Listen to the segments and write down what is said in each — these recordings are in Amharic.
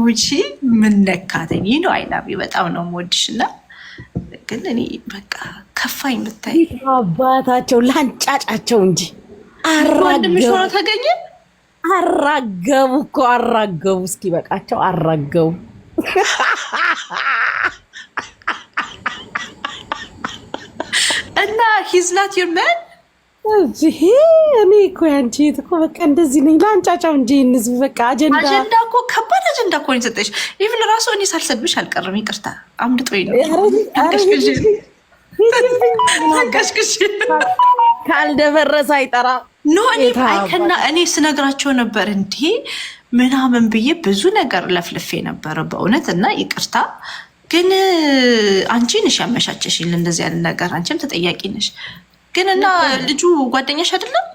ጉቺ ምን ነካተኝ? ነው አይላቢ በጣም ነው የምወድሽ እና ግን እኔ በቃ ከፋኝ። የምታይ አባታቸው ላንጫጫቸው እንጂ አራገቡ፣ ተገኘ አራገቡ እኮ አራገቡ፣ እስኪበቃቸው አራገቡ። እና ሂዝ ናት ዩር መን እዚህ እኔ እኮ ያንቺ እኮ በቃ እንደዚህ ነኝ። ለአንጫጫው እንጂ እንዝብ በቃ አጀንዳ አጀንዳ እኮ ከባድ አጀንዳ እኮ ነው ኢቭን ራሱ እኔ ሳልሰድብሽ አልቀርም። ይቅርታ አምልጦኝ ነው ቀሽቅሽ አይጠራ ኖ እኔ እኔ ስነግራቸው ነበር እንዴ ምናምን ብዬ ብዙ ነገር ለፍልፌ ነበረ በእውነት እና ይቅርታ ግን አንቺ ነሽ ያመቻቸሽል እንደዚህ ያለ ነገር አንቺም ተጠያቂ ነሽ። ግን እና ልጁ ጓደኛሽ አይደለም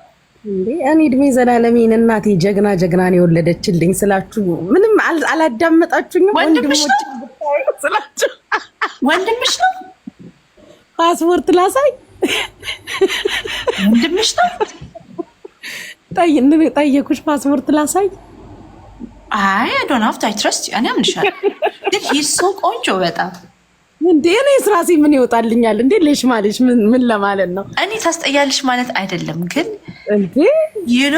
እንዴ? እኔ እድሜ ዘላለሜን እናቴ ጀግና ጀግና ነው የወለደችልኝ ስላችሁ ምንም አላዳመጣችሁኝም። ወንድምሽ ስላችሁ ወንድምሽ ነው። ፓስፖርት ላሳይ። ወንድምሽ ነው። ጠየኩሽ፣ ፓስፖርት ላሳይ። አይ ዶናፍት አይ ትረስት እኔ አምንሻለሁ። ግን ሂሶ ቆንጆ በጣም እንዴ እኔ ስራሴ ምን ይወጣልኛል? እንዴ ልሽ ማለሽ ምን ለማለት ነው? እኔ ታስጠያለሽ ማለት አይደለም፣ ግን ዩኖ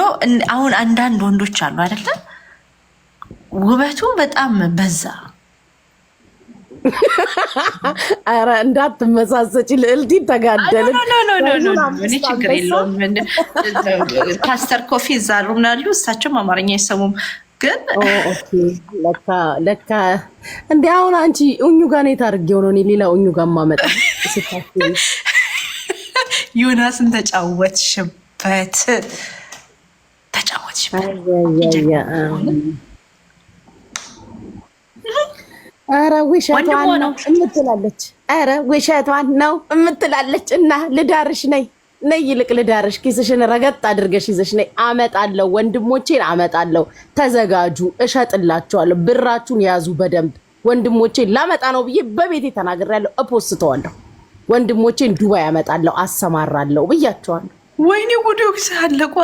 አሁን አንዳንድ ወንዶች አሉ አይደለም፣ ውበቱ በጣም በዛ። ኧረ እንዳትመሳሰች ልዕልቲ ተጋደል። እኔ ችግር የለውም። ፓስተር ኮፊ እዛ ሩም ናሉ፣ እሳቸውም አማርኛ አይሰሙም። ግን ለካ እንደ አሁን አንቺ እኙ ጋር ነው የታርጌው የሆነ ሌላ እኙ ጋር ማመጣ ዮናስን ተጫወትሽበት፣ ተጫወትሽበት። ኧረ ውሸቷን ነው የምትላለች። ኧረ ውሸቷን ነው የምትላለች እና ልዳርሽ ነይ ነይ ይልቅ ልዳርሽ፣ ኪስሽን ረገጥ አድርገሽ ይዘሽ ነይ። አመጣለሁ፣ ወንድሞቼን አመጣለሁ። ተዘጋጁ፣ እሸጥላቸዋለሁ። ብራችሁን ያዙ በደንብ ወንድሞቼን ላመጣ ነው ብዬ በቤቴ ተናግሬያለሁ። እፖስተዋለሁ። ወንድሞቼን ዱባይ አመጣለሁ፣ አሰማራለሁ ብያቸዋለሁ። ወይኔ ጉድ ወቅስ አለቋ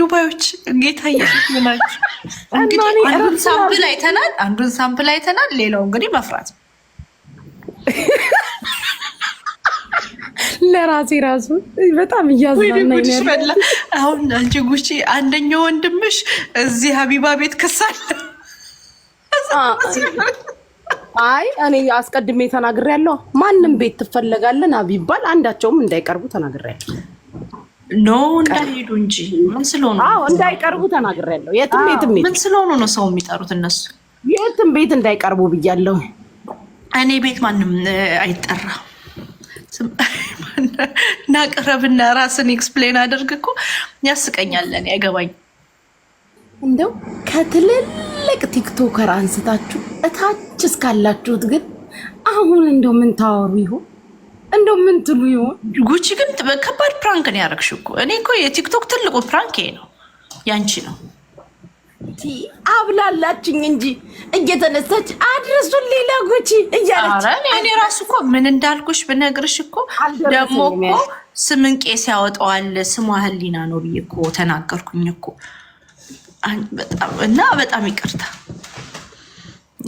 ዱባዮች ጌታ ናቸው። እንግዲህ አንዱን ሳምፕል አይተናል፣ አንዱን ሳምፕል አይተናል። ሌላው እንግዲህ መፍራት ለራሴ ራሱ በጣም እያዝናናይበላ አሁን አንቺ ጉቺ፣ አንደኛው ወንድምሽ እዚህ ሀቢባ ቤት ክሳል። አይ እኔ አስቀድሜ ያለው ማንም ቤት ትፈለጋለን ቢባል አንዳቸውም እንዳይቀርቡ ተናግሬያለሁ። ኖ እንዳይሄዱ እንጂ ምን ስለሆኑ እንዳይቀርቡ ተናግሬያለሁ። የትም ቤትም ምን ስለሆኑ ነው ሰው የሚጠሩት እነሱ የትም ቤት እንዳይቀርቡ ብያለሁ። እኔ ቤት ማንም አይጠራ። ናቅረብና ራስን ኤክስፕሌን አድርግ እኮ ያስቀኛለን። ያገባኝ እንደው ከትልልቅ ቲክቶከር አንስታችሁ እታች እስካላችሁት ግን አሁን እንደው ምን ታወሩ ይሆን? እንደው ምን ትሉ ይሆን? ጉቺ ግን ከባድ ፕራንክ ነው ያደረግሽ እኮ። እኔ እኮ የቲክቶክ ትልቁ ፕራንክ ይሄ ነው፣ ያንቺ ነው። እንጂ አብላላችኝ እንጂ እየተነሳች አድርሱን ሌላ ጉቺ እያለች እኔ ራሱ እኮ ምን እንዳልኩሽ ብነግርሽ እኮ ደግሞ እኮ ስምን ቄስ ያወጣዋል ስሟ ህሊና ነው ብዬ እኮ ተናገርኩኝ እኮ እና በጣም ይቅርታ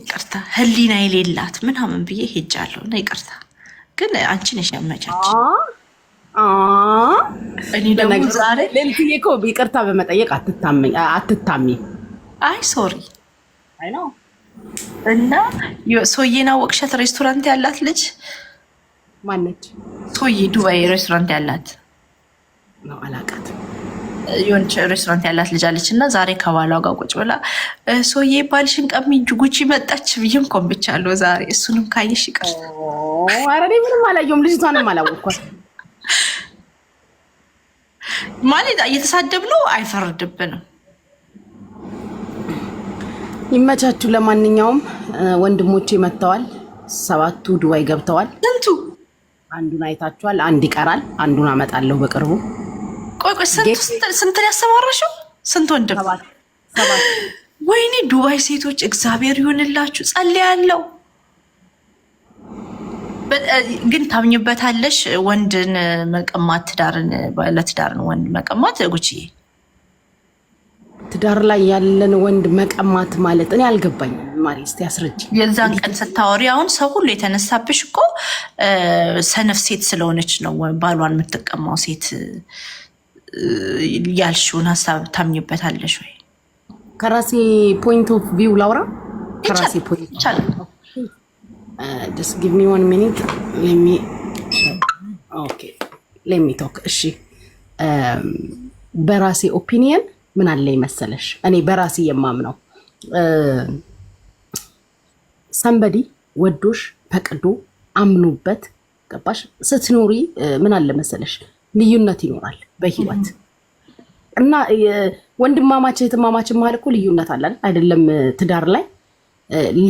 ይቅርታ ህሊና የሌላት ምናምን ብዬ ሄጃለሁ እና ይቅርታ ግን አንቺ ነሽ ያመቻች እኔ ደግሞ ዛሬ ሌልትዬ ይቅርታ በመጠየቅ አትታሚ አይ ሶሪ አይ ነው እና ሶዬን አወቅሻት? ሬስቶራንት ያላት ልጅ ማነች? ሶዬ ዱባይ ሬስቶራንት ያላት ነው አላቃት የሆነች ሬስቶራንት ያላት ልጅ አለች እና ዛሬ ከባሏ ጋር ቁጭ ብላ ሶዬ ባልሽን ቀሚኝ ጉቺ መጣች ብዬም ኮምብቻለሁ ዛሬ። እሱንም ካየሽ ይቀር። ኧረ እኔ ምንም አላየሁም፣ ልጅቷንም አላወቅኳት። ማለት እየተሳደብ ነው አይፈርድብንም። ይመቻችሁ። ለማንኛውም ወንድሞቼ መጥተዋል። ሰባቱ ዱባይ ገብተዋል። ስንቱ አንዱን አይታችኋል። አንድ ይቀራል። አንዱን አመጣለሁ በቅርቡ። ቆይ ቆይ፣ ስንትን ያሰማራሽው? ስንት ወንድም? ወይኔ ዱባይ ሴቶች እግዚአብሔር ይሆንላችሁ። ጸልያለሁ፣ ግን ታምኝበታለሽ? ወንድን መቀማት፣ ትዳርን ለትዳርን ወንድ መቀማት ጉቺ ትዳር ላይ ያለን ወንድ መቀማት ማለት እኔ አልገባኝ። ማሪ እስኪ አስረጅ። የዛን ቀን ስታወሪ አሁን ሰው ሁሉ የተነሳብሽ እኮ ሰነፍ ሴት ስለሆነች ነው ባሏን የምትቀማው ሴት ያልሽውን ሀሳብ ታምኝበታለሽ ወይ? ከራሴ ፖይንት ኦፍ ቪው ላውራ። ከራሴ ፖይንት ጀስት ጊቭ ሚ ዋን ሚኒት ሌሚ ኦኬ ሌሚ ቶክ እሺ፣ በራሴ ኦፒኒየን ምን አለ መሰለሽ፣ እኔ በራሴ የማምነው ሰንበዲ ወዶሽ ፈቅዶ አምኖበት ገባሽ ስትኖሪ ምን አለ መሰለሽ ልዩነት ይኖራል በህይወት እና ወንድማማች እህትማማች መሀል እኮ ልዩነት አለን አይደለም? ትዳር ላይ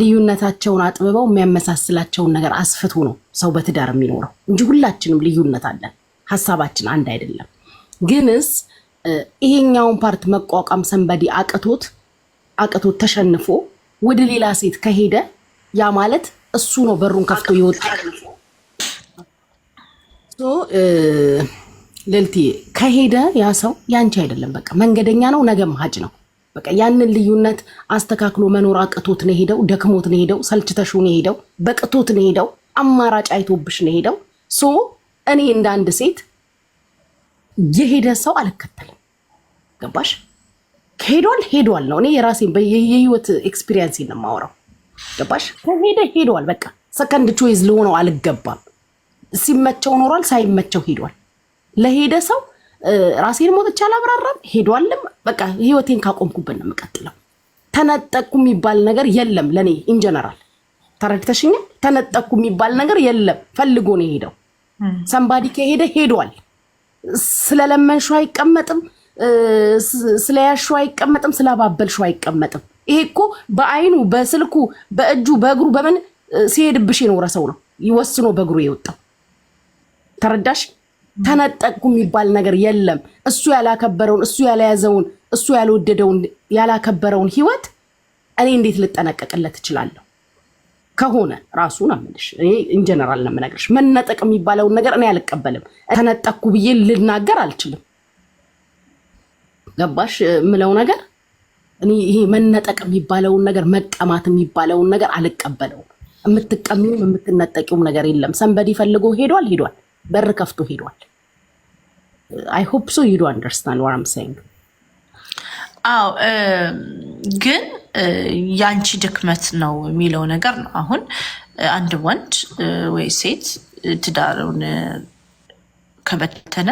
ልዩነታቸውን አጥብበው የሚያመሳስላቸውን ነገር አስፍቶ ነው ሰው በትዳር የሚኖረው እንጂ ሁላችንም ልዩነት አለን። ሀሳባችን አንድ አይደለም ግንስ ይሄኛውን ፓርት መቋቋም ሰንበዲ አቅቶት አቅቶት ተሸንፎ ወደ ሌላ ሴት ከሄደ ያ ማለት እሱ ነው በሩን ከፍቶ ይወጣ። ልልቲ ከሄደ ያ ሰው ያንቺ አይደለም። በቃ መንገደኛ ነው፣ ነገም ሀጅ ነው። በቃ ያንን ልዩነት አስተካክሎ መኖር አቅቶት ነው ሄደው፣ ደክሞት ነው ሄደው፣ ሰልችተሹ ነው ሄደው፣ በቅቶት ነው ሄደው፣ አማራጭ አይቶብሽ ነው ሄደው። ሶ እኔ እንደ አንድ ሴት የሄደ ሰው አልከተልም። ገባሽ? ከሄዷል ሄዷል ነው። እኔ የራሴን የህይወት ኤክስፒሪየንስ ነው የማወራው። ገባሽ? ከሄደ ሄዷል። በቃ ሰከንድ ቾይዝ ለሆነው አልገባም። ሲመቸው ኖሯል፣ ሳይመቸው ሄዷል። ለሄደ ሰው ራሴን ሞጥቼ አላብራራም። ሄዷልም በቃ ህይወቴን ካቆምኩበት ነው የምቀጥለው። ተነጠቅኩ የሚባል ነገር የለም ለእኔ ኢንጀነራል ተረድተሽኛል? ተነጠቅኩ የሚባል ነገር የለም። ፈልጎ ነው የሄደው። ሰንባዲ ከሄደ ሄዷል። ስለለመንሽው አይቀመጥም፣ ስለያሽው አይቀመጥም፣ ስላባበልሽው አይቀመጥም። ይሄ እኮ በአይኑ በስልኩ በእጁ በእግሩ በምን ሲሄድብሽ የኖረ ሰው ነው ይወስኖ በእግሩ የወጣው። ተረዳሽ? ተነጠቅኩ የሚባል ነገር የለም። እሱ ያላከበረውን እሱ ያልያዘውን እሱ ያልወደደውን ያላከበረውን ህይወት እኔ እንዴት ልጠነቀቅለት እችላለሁ? ከሆነ ራሱ ነው የምልሽ። እኔ ኢንጀነራል ነው የምነግርሽ። መነጠቅ የሚባለውን ነገር እኔ አልቀበልም። ተነጠቅኩ ብዬ ልናገር አልችልም። ገባሽ የምለው ነገር እኔ ይሄ መነጠቅ የሚባለውን ነገር መቀማት የሚባለውን ነገር አልቀበለውም። የምትቀሚውም የምትነጠቂውም ነገር የለም። ሰንበዲ ፈልጎ ሄዷል ሄዷል፣ በር ከፍቶ ሄዷል። አይ ሆፕ ሶ ዩ ዱ አንደርስታንድ ዋት አም ሴይንግ አዎ ግን ያንቺ ድክመት ነው የሚለው ነገር ነው። አሁን አንድ ወንድ ወይ ሴት ትዳሩን ከበተነ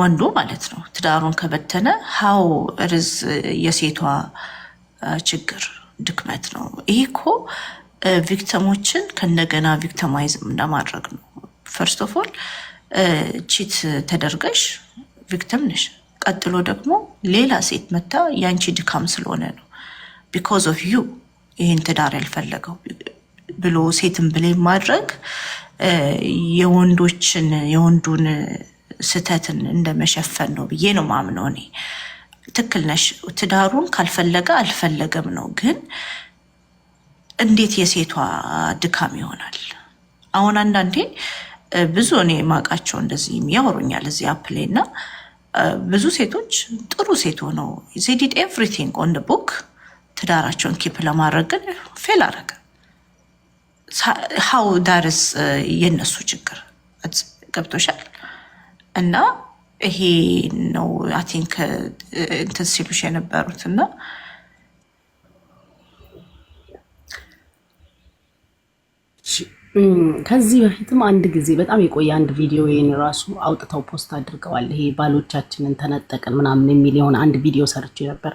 ወንዱ ማለት ነው ትዳሩን ከበተነ ሀው ርዝ የሴቷ ችግር ድክመት ነው። ይሄ እኮ ቪክተሞችን ከእንደገና ቪክተማይዝም እንደማድረግ ነው። ፈርስት ኦፍ ኦል ቺት ተደርገሽ ቪክተም ነሽ። ቀጥሎ ደግሞ ሌላ ሴት መታ የአንቺ ድካም ስለሆነ ነው ቢኮዝ ኦፍ ዩ ይህን ትዳር ያልፈለገው ብሎ ሴትን ብሌ ማድረግ የወንዶችን የወንዱን ስህተትን እንደመሸፈን ነው ብዬ ነው ማምነው። እኔ ትክክል ነሽ። ትዳሩን ካልፈለገ አልፈለገም ነው። ግን እንዴት የሴቷ ድካም ይሆናል? አሁን አንዳንዴ ብዙ እኔ ማውቃቸው እንደዚህ ያወሩኛል እዚህ አፕሌ እና ብዙ ሴቶች ጥሩ ሴት ሆነው ዜዲድ ኤቭሪቲንግ ኦን ቡክ ትዳራቸውን ኪፕ ለማድረግ ግን ፌል አረገ። ሀው ዳርስ የነሱ ችግር ገብቶሻል። እና ይሄ ነው አይ ቲንክ እንትን ሲሉሽ የነበሩት እና ከዚህ በፊትም አንድ ጊዜ በጣም የቆየ አንድ ቪዲዮ ይህን ራሱ አውጥተው ፖስት አድርገዋል። ይሄ ባሎቻችንን ተነጠቅን ምናምን የሚል የሆነ አንድ ቪዲዮ ሰርቼ ነበር።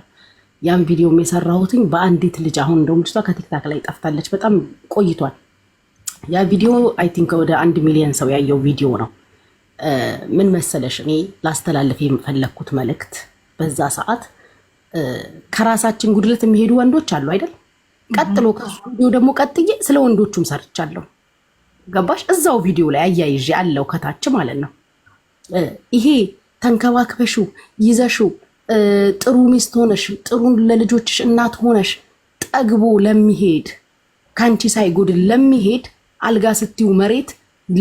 ያን ቪዲዮም የሰራሁትኝ በአንዲት ልጅ አሁን እንደውም ልጅቷ ከቲክታክ ላይ ጠፍታለች፣ በጣም ቆይቷል። ያ ቪዲዮ አይ ቲንክ ወደ አንድ ሚሊዮን ሰው ያየው ቪዲዮ ነው። ምን መሰለሽ እኔ ላስተላለፍ የምፈለግኩት መልእክት በዛ ሰዓት ከራሳችን ጉድለት የሚሄዱ ወንዶች አሉ አይደል? ቀጥሎ ከሱ ደግሞ ቀጥዬ ስለ ወንዶቹም ሰርቻለሁ። ገባሽ? እዛው ቪዲዮ ላይ አያይዤ አለው ከታች ማለት ነው። ይሄ ተንከባክበሹ ይዘሹ ጥሩ ሚስት ሆነሽ ጥሩ ለልጆችሽ እናት ሆነሽ ጠግቦ ለሚሄድ ከአንቺ ሳይጎድል ለሚሄድ አልጋ ስትዩ መሬት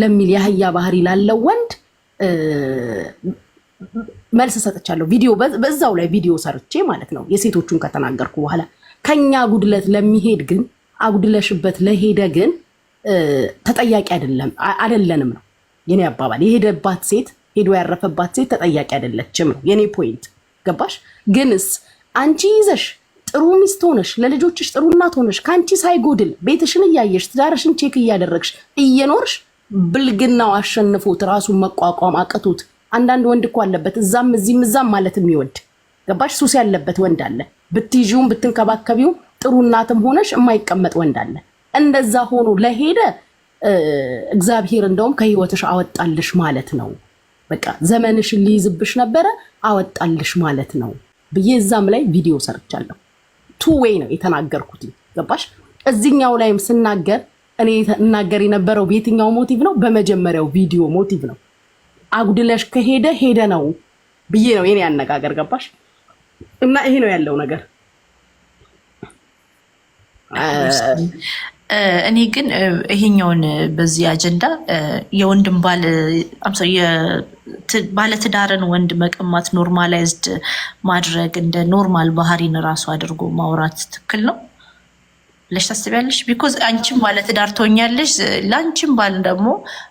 ለሚል የአህያ ባህሪ ላለው ወንድ መልስ ሰጥቻለሁ። ቪዲዮ በዛው ላይ ቪዲዮ ሰርቼ ማለት ነው የሴቶቹን ከተናገርኩ በኋላ ከኛ ጉድለት ለሚሄድ ግን አጉድለሽበት ለሄደ ግን ተጠያቂ አይደለም አይደለንም ነው የኔ አባባል። የሄደባት ሴት ሄዶ ያረፈባት ሴት ተጠያቂ አይደለችም ነው የኔ ፖይንት። ገባሽ? ግንስ አንቺ ይዘሽ ጥሩ ሚስት ሆነሽ ለልጆችሽ ጥሩ እናት ሆነሽ ከአንቺ ሳይጎድል ቤትሽን እያየሽ ትዳርሽን ቼክ እያደረግሽ እየኖርሽ ብልግናው አሸንፎት ራሱን መቋቋም አቅቶት አንዳንድ ወንድ እኮ አለበት እዛም እዚህም እዛም ማለት የሚወድ ገባሽ? ሱስ ያለበት ወንድ አለ። ብትይዥውም ብትንከባከቢውም ጥሩ እናትም ሆነሽ የማይቀመጥ ወንድ አለ። እንደዛ ሆኖ ለሄደ እግዚአብሔር እንደውም ከህይወትሽ አወጣልሽ ማለት ነው። በቃ ዘመንሽን ሊይዝብሽ ነበረ አወጣልሽ ማለት ነው ብዬ እዛም ላይ ቪዲዮ ሰርቻለሁ። ቱ ዌይ ነው የተናገርኩት። ገባሽ? እዚኛው ላይም ስናገር እኔ እናገር የነበረው በየትኛው ሞቲቭ ነው? በመጀመሪያው ቪዲዮ ሞቲቭ ነው። አጉድለሽ ከሄደ ሄደ ነው ብዬ ነው የኔ አነጋገር። ገባሽ? እና ይሄ ነው ያለው ነገር። እኔ ግን ይሄኛውን በዚህ አጀንዳ የወንድም ባለትዳርን ወንድ መቀማት ኖርማላይዝድ ማድረግ እንደ ኖርማል ባህሪን ራሱ አድርጎ ማውራት ትክክል ነው ብለሽ ታስቢያለሽ? ቢኮዝ አንቺም ባለትዳር ትሆኛለሽ፣ ለአንቺም ባል ደግሞ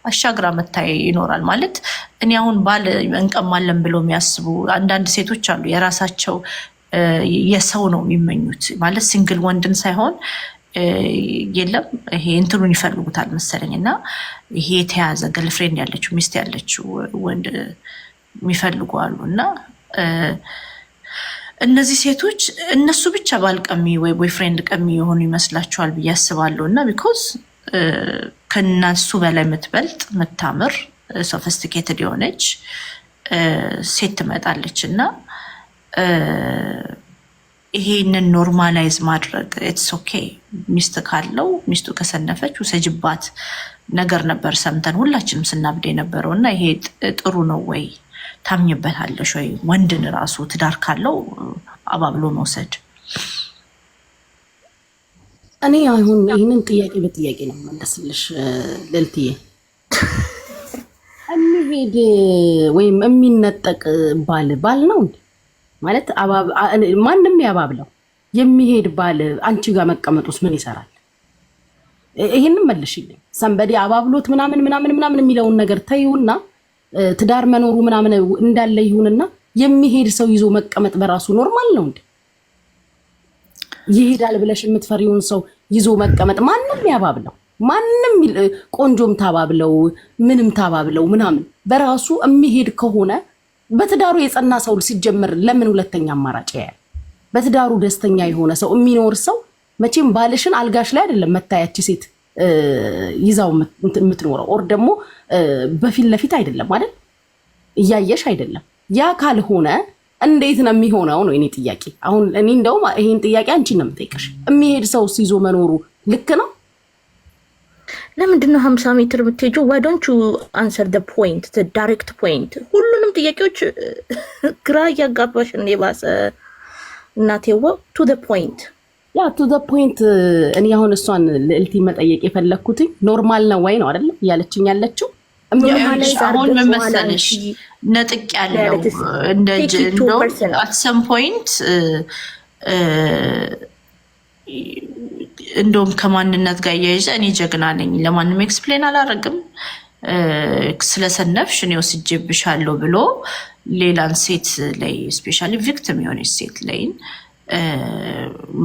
አሻግራ መታይ ይኖራል። ማለት እኔ አሁን ባል እንቀማለን ብሎ የሚያስቡ አንዳንድ ሴቶች አሉ። የራሳቸው የሰው ነው የሚመኙት ማለት ሲንግል ወንድን ሳይሆን የለም ይሄ እንትኑን ይፈልጉታል መሰለኝ እና ይሄ የተያዘ ገልፍሬንድ ያለችው ሚስት ያለችው ወንድ የሚፈልጉ አሉ እና እነዚህ ሴቶች እነሱ ብቻ ባል ቀሚ ወይ ቦይፍሬንድ ቀሚ የሆኑ ይመስላችኋል ብዬ አስባለሁ። እና ቢኮዝ ከእነሱ በላይ የምትበልጥ የምታምር ሶፊስቲኬትድ የሆነች ሴት ትመጣለች እና ይሄንን ኖርማላይዝ ማድረግ ኢትስ ኦኬ። ሚስት ካለው ሚስቱ ከሰነፈች ውሰጅባት ነገር ነበር ሰምተን ሁላችንም ስናብድ የነበረው እና ይሄ ጥሩ ነው ወይ ታምኝበታለሽ ወይ? ወንድን ራሱ ትዳር ካለው አባብሎ መውሰድ እኔ አሁን ይህንን ጥያቄ በጥያቄ ነው መለስልሽ ልልትዬ የሚሄድ ወይም የሚነጠቅ ባል ባል ነው እንዴ? ማለት ማንም ያባብለው የሚሄድ ባል አንቺ ጋር መቀመጡስ ምን ይሰራል? ይህንም መልሽልኝ። ሰንበዲ አባብሎት ምናምን ምናምን ምናምን የሚለውን ነገር ተይውና ትዳር መኖሩ ምናምን እንዳለ ይሁንና የሚሄድ ሰው ይዞ መቀመጥ በራሱ ኖርማል ነው እንዴ? ይሄዳል ብለሽ የምትፈሪውን ሰው ይዞ መቀመጥ ማንም ያባብለው ማንም ቆንጆም ታባብለው ምንም ታባብለው ምናምን በራሱ የሚሄድ ከሆነ በትዳሩ የጸና ሰው ሲጀምር ለምን ሁለተኛ አማራጭ ያያል? በትዳሩ ደስተኛ የሆነ ሰው የሚኖር ሰው መቼም ባልሽን አልጋሽ ላይ አይደለም መታያች ሴት ይዛው የምትኖረው ኦር ደግሞ በፊት ለፊት አይደለም አይደል? እያየሽ አይደለም። ያ ካልሆነ እንዴት ነው የሚሆነው? ነው ኔ ጥያቄ። አሁን እኔ እንደውም ይሄን ጥያቄ አንቺን ነው የምጠይቀሽ። የሚሄድ ሰው ይዞ መኖሩ ልክ ነው? ለምንድን ነው ሀምሳ ሜትር የምትሄጂው? ዋይ አንሰር ደ ፖይንት ዳይሬክት ፖይንት። ሁሉንም ጥያቄዎች ግራ እያጋባሽ እኔ እናቴዎ፣ ቱ ደ ፖይንት ያ ቱ ዘ ፖይንት። እኔ አሁን እሷን ልዕልቲ መጠየቅ የፈለግኩትኝ ኖርማል ነው ወይ ነው አይደለም እያለችኝ ያለችው። አሁን ምን መሰለሽ ነጥቅ ያለው እንደ አት ሰም ፖይንት እንደውም ከማንነት ጋር እያይዘ እኔ ጀግና ነኝ፣ ለማንም ኤክስፕሌን አላደርግም፣ ስለሰነፍሽ እኔ ወስጄብሻለሁ ብሎ ሌላን ሴት ላይ ስፔሻሊ ቪክቲም የሆነች ሴት ላይን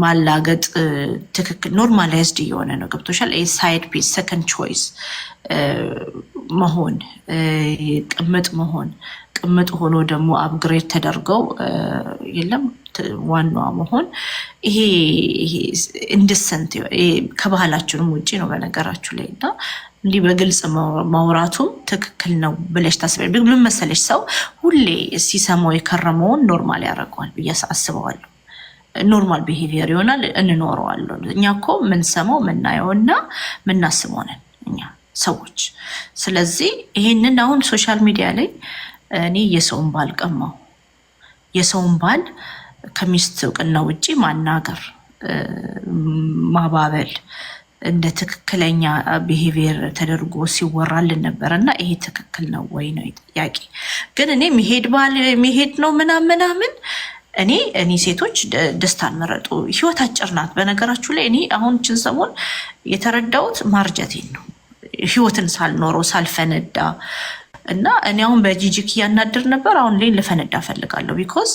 ማላገጥ ትክክል ኖርማላይዝድ እየሆነ ነው። ገብቶሻል? ሳይድ ፒስ ሰከንድ ቾይስ መሆን ቅምጥ መሆን ቅምጥ ሆኖ ደግሞ አፕግሬድ ተደርገው የለም ዋናዋ መሆን ይሄ ኢንዲሰንት ከባህላችንም ውጭ ነው በነገራችሁ ላይ እና እንዲህ በግልጽ ማውራቱም ትክክል ነው ብለሽ ታስቢያለሽ። ምን መሰለሽ ሰው ሁሌ ሲሰማው የከረመውን ኖርማል ያደርገዋል ብዬ አስበዋለሁ። ኖርማል ቢሄቪየር ይሆናል እንኖረዋለሁ። እኛ እኮ ምንሰማው ምናየውና ምናስበው ነን እኛ ሰዎች። ስለዚህ ይሄንን አሁን ሶሻል ሚዲያ ላይ እኔ የሰውን ባል ቀማው የሰውን ባል ከሚስት እውቅና ውጪ ማናገር፣ ማባበል እንደ ትክክለኛ ቢሄቪየር ተደርጎ ሲወራልን ነበረ እና ይሄ ትክክል ነው ወይ ነው ጥያቄ። ግን እኔ ሚሄድ ባል ሚሄድ ነው ምናምን ምናምን እኔ እኔ ሴቶች ደስታን መረጡ። ህይወት አጭር ናት። በነገራችሁ ላይ እኔ አሁን ችን ሰሞን የተረዳሁት ማርጀቴን ነው ህይወትን ሳልኖረው ሳልፈነዳ እና እኔ አሁን በጂጂክ እያናድር ነበር። አሁን ላይ ልፈነዳ ፈልጋለሁ። ቢኮዝ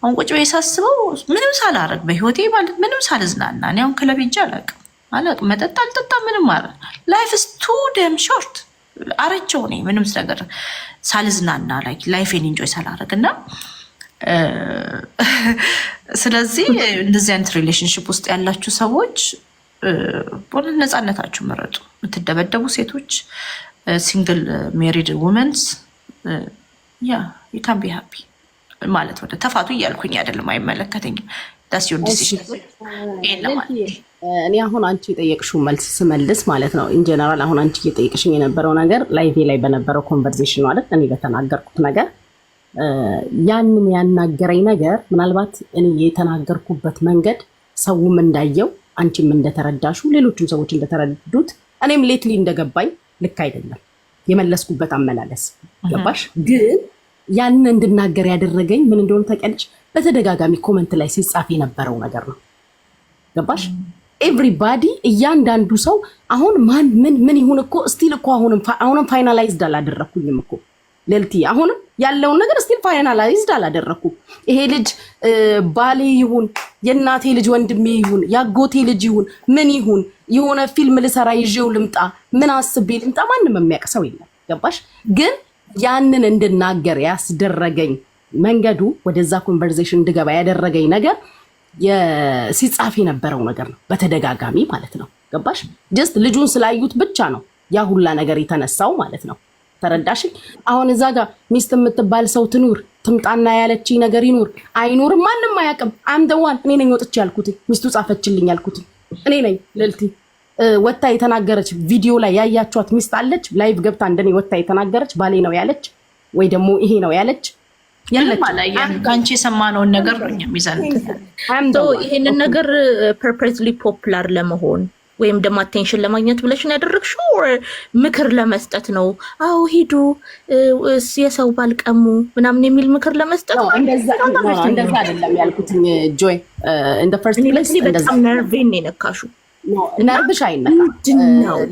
አሁን ቁጭ ብዬ ሳስበው ምንም ሳላረግ በህይወቴ ማለት ምንም ሳልዝናና እኔ አሁን ክለብ ሄጄ አላውቅም አላውቅም። መጠጥ አልጠጣ ምንም አረ ላይፍ ስ ቱ ደም ሾርት አረቸው ነ ምንም ነገር ሳልዝናና ላይፌን ኢንጆይ ሳላረግ እና ስለዚህ እንደዚህ አይነት ሪሌሽንሽፕ ውስጥ ያላችሁ ሰዎች በእውነት ነፃነታችሁ ምረጡ። የምትደበደቡ ሴቶች ሲንግል ሜሪድ ውመንስ ያ የካን ቢ ሃፒ ማለት ወደ ተፋቱ እያልኩኝ አይደለም፣ አይመለከተኝም። ዳስዮን uh, ዲሲሽን uh, እኔ አሁን አንቺ የጠየቅሽው መልስ ስመልስ ማለት ነው። ኢንጀነራል አሁን አንቺ እየጠየቅሽኝ የነበረው ነገር ላይቬ ላይ በነበረው ኮንቨርሴሽን ማለት እኔ በተናገርኩት ነገር uh, ያንን ያናገረኝ ነገር ምናልባት እኔ የተናገርኩበት መንገድ ሰውም እንዳየው አንቺም እንደተረዳሹ ሌሎችም ሰዎች እንደተረዱት እኔም ሌትሊ እንደገባኝ ልክ አይደለም የመለስኩበት አመላለስ ገባሽ? ግን ያንን እንድናገር ያደረገኝ ምን እንደሆነ ታውቂያለሽ? በተደጋጋሚ ኮመንት ላይ ሲጻፍ የነበረው ነገር ነው። ገባሽ? ኤቭሪባዲ እያንዳንዱ ሰው አሁን ማን ምን ምን ይሁን እኮ ስቲል እኮ አሁንም ፋይናላይዝድ አላደረግኩኝም እኮ ለልቲ አሁንም ያለውን ነገር ስቲል ፋይናላይዝድ አላደረኩም። ይሄ ልጅ ባሌ ይሁን የእናቴ ልጅ ወንድሜ ይሁን ያጎቴ ልጅ ይሁን ምን ይሁን የሆነ ፊልም ልሰራ ይዤው ልምጣ ምን አስቤ ልምጣ ማንም የሚያውቅ ሰው የለም። ገባሽ? ግን ያንን እንድናገር ያስደረገኝ መንገዱ ወደዛ ኮንቨርዜሽን እንድገባ ያደረገኝ ነገር ሲጻፍ የነበረው ነገር ነው፣ በተደጋጋሚ ማለት ነው። ገባሽ? ጀስት ልጁን ስላዩት ብቻ ነው ያ ሁላ ነገር የተነሳው ማለት ነው። ተረዳሽኝ? አሁን እዛ ጋር ሚስት የምትባል ሰው ትኑር ትምጣና ያለች ነገር ይኑር አይኑር ማንም አያውቅም። አምደዋን እኔ ነኝ ወጥቼ ያልኩት ሚስቱ ጻፈችልኝ ያልኩት እኔ ነኝ። ልልቲ ወታ የተናገረች ቪዲዮ ላይ ያያችኋት ሚስት አለች፣ ላይቭ ገብታ እንደኔ ወታ የተናገረች ባሌ ነው ያለች ወይ ደግሞ ይሄ ነው ያለች ከአንቺ የሰማነውን ነገር ነው ይህንን ነገር ፐርፐዝሊ ፖፕላር ለመሆን ወይም ደግሞ አቴንሽን ለማግኘት ብለሽ ነው ያደረግሽው? ምክር ለመስጠት ነው? አዎ ሂዱ የሰው ባልቀሙ ምናምን የሚል ምክር ለመስጠት ነው። እንደዛ አይደለም ያልኩትኝ ጆይ። እንደ ፈርስት ፕሌስ በጣም ነርቬን አይነካም።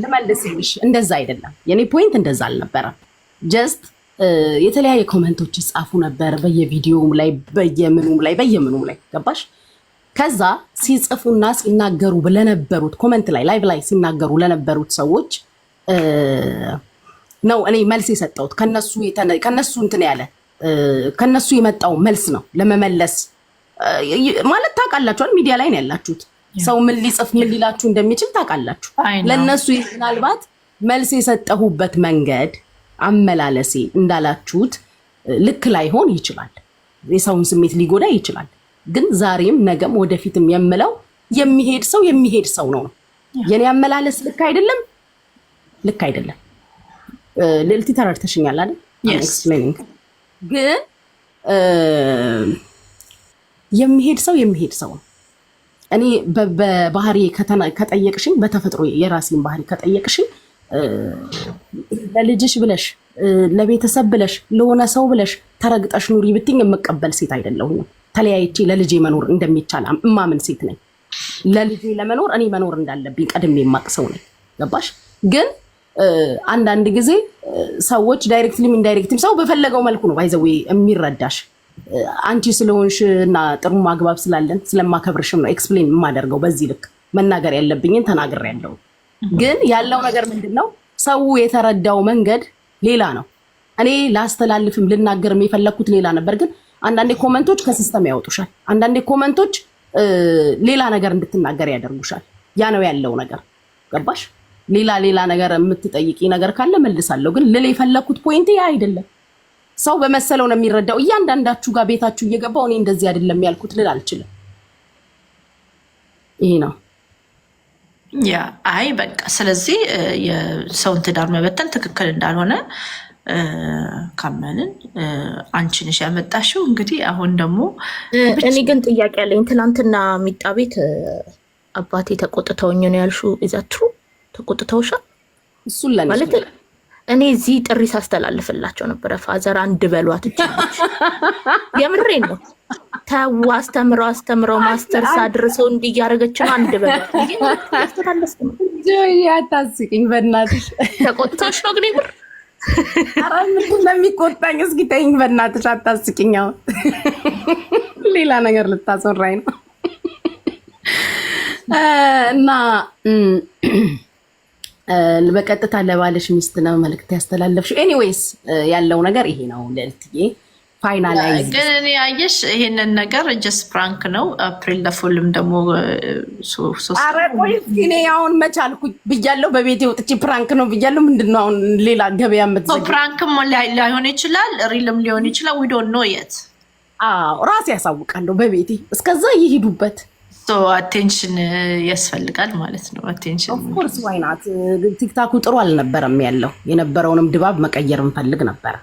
ልመልስልሽ፣ እንደዛ አይደለም የኔ ፖይንት፣ እንደዛ አልነበረም። ጀስት የተለያየ ኮመንቶች ይጻፉ ነበር በየቪዲዮም ላይ በየምኑም ላይ በየምኑም ላይ ገባሽ ከዛ ሲጽፉና ሲናገሩ ለነበሩት ኮመንት ላይ ላይቭ ላይ ሲናገሩ ለነበሩት ሰዎች ነው እኔ መልስ የሰጠሁት። ከነሱ እንትን ያለ ከነሱ የመጣው መልስ ነው ለመመለስ ማለት ታውቃላችኋል። ሚዲያ ላይ ነው ያላችሁት። ሰው ምን ሊጽፍ ምን ሊላችሁ እንደሚችል ታውቃላችሁ። ለእነሱ ምናልባት መልስ የሰጠሁበት መንገድ አመላለሴ እንዳላችሁት ልክ ላይሆን ይችላል። የሰውን ስሜት ሊጎዳ ይችላል። ግን ዛሬም ነገም ወደፊትም የምለው የሚሄድ ሰው የሚሄድ ሰው ነው። የኔ አመላለስ ልክ አይደለም፣ ልክ አይደለም። ልዕልቲ ተረድተሽኛል አይደል? ግን የሚሄድ ሰው የሚሄድ ሰው ነው። እኔ በባህሪ ከጠየቅሽኝ፣ በተፈጥሮ የራሴን ባህሪ ከጠየቅሽኝ ለልጅሽ ብለሽ ለቤተሰብ ብለሽ ለሆነ ሰው ብለሽ ተረግጠሽ ኑሪ ብትኝ የምቀበል ሴት አይደለሁኝም። ተለያይቼ ለልጄ መኖር እንደሚቻል እማምን ሴት ነኝ። ለልጄ ለመኖር እኔ መኖር እንዳለብኝ ቀድሜ የማቅ ሰው ነኝ። ገባሽ? ግን አንዳንድ ጊዜ ሰዎች ዳይሬክትሊም ኢንዳይሬክትሊም ሰው በፈለገው መልኩ ነው ባይዘዌ የሚረዳሽ አንቺ ስለሆንሽ እና ጥሩ ማግባብ ስላለን ስለማከብርሽም ነው ኤክስፕሌን የማደርገው። በዚህ ልክ መናገር ያለብኝን ተናግር ያለው ግን ያለው ነገር ምንድን ነው? ሰው የተረዳው መንገድ ሌላ ነው። እኔ ላስተላልፍም ልናገርም የፈለግኩት ሌላ ነበር ግን አንዳንዴ ኮመንቶች ከሲስተም ያወጡሻል። አንዳንዴ ኮመንቶች ሌላ ነገር እንድትናገር ያደርጉሻል። ያ ነው ያለው ነገር። ገባሽ? ሌላ ሌላ ነገር የምትጠይቂ ነገር ካለ መልሳለሁ፣ ግን ልል የፈለኩት ፖይንት ያ አይደለም። ሰው በመሰለው ነው የሚረዳው። እያንዳንዳችሁ ጋር ቤታችሁ እየገባው እኔ እንደዚህ አይደለም ያልኩት ልል አልችልም። ይሄ ነው ያ። አይ በቃ ስለዚህ የሰውን ትዳር መበተን ትክክል እንዳልሆነ ካመንን አንቺ ነሽ ያመጣሽው። እንግዲህ አሁን ደግሞ እኔ ግን ጥያቄ አለኝ። ትናንትና ሚጣ ቤት አባቴ ተቆጥተውኝ ነው ያልሺው፣ እዛችሁ ተቆጥተውሻል? እሱን ለማለት እኔ እዚህ ጥሪ ሳስተላልፍላቸው ነበረ። ፋዘር አንድ በሏት የምሬ ነው። ተው አስተምረው አስተምረው ማስተር ሳድርሰው እንዲህ እያደረገች ነው። አንድ በሏት ያስተላለፍ ነው። አታስቂኝ በእናትሽ። ተቆጥተውሽ ነው ግን ምር ምንድን ነው የሚቆጣኝ? እስኪ ተይኝ በእናትሽ አታስቂኝ። ሌላ ነገር ልታስወራኝ ነው። እና በቀጥታ ለባለሽ ሚስት ነው መልዕክት ያስተላለፍሽው? ኤኒዌይስ ያለው ነገር ይሄ ነው ልዕልትዬ። ፋይናላይዝ ግን እኔ አየሽ ይሄንን ነገር ጀስ ፕራንክ ነው። አፕሪል ለፉልም ደግሞ አረቆይ እኔ አሁን መች አልኩኝ ብያለሁ። በቤቴ ወጥቼ ፕራንክ ነው ብያለሁ። ምንድን ነው አሁን ሌላ ገበያ ምት ፕራንክም ላይሆን ይችላል፣ ሪልም ሊሆን ይችላል። ዊ ዶንት ኖ የት ራሴ ያሳውቃለሁ በቤቴ እስከዛ ይሄዱበት። አቴንሽን ያስፈልጋል ማለት ነው። አቴንሽን ኦፍኮርስ ዋይናት ቲክታኩ ጥሩ አልነበረም ያለው የነበረውንም ድባብ መቀየር እንፈልግ ነበረ።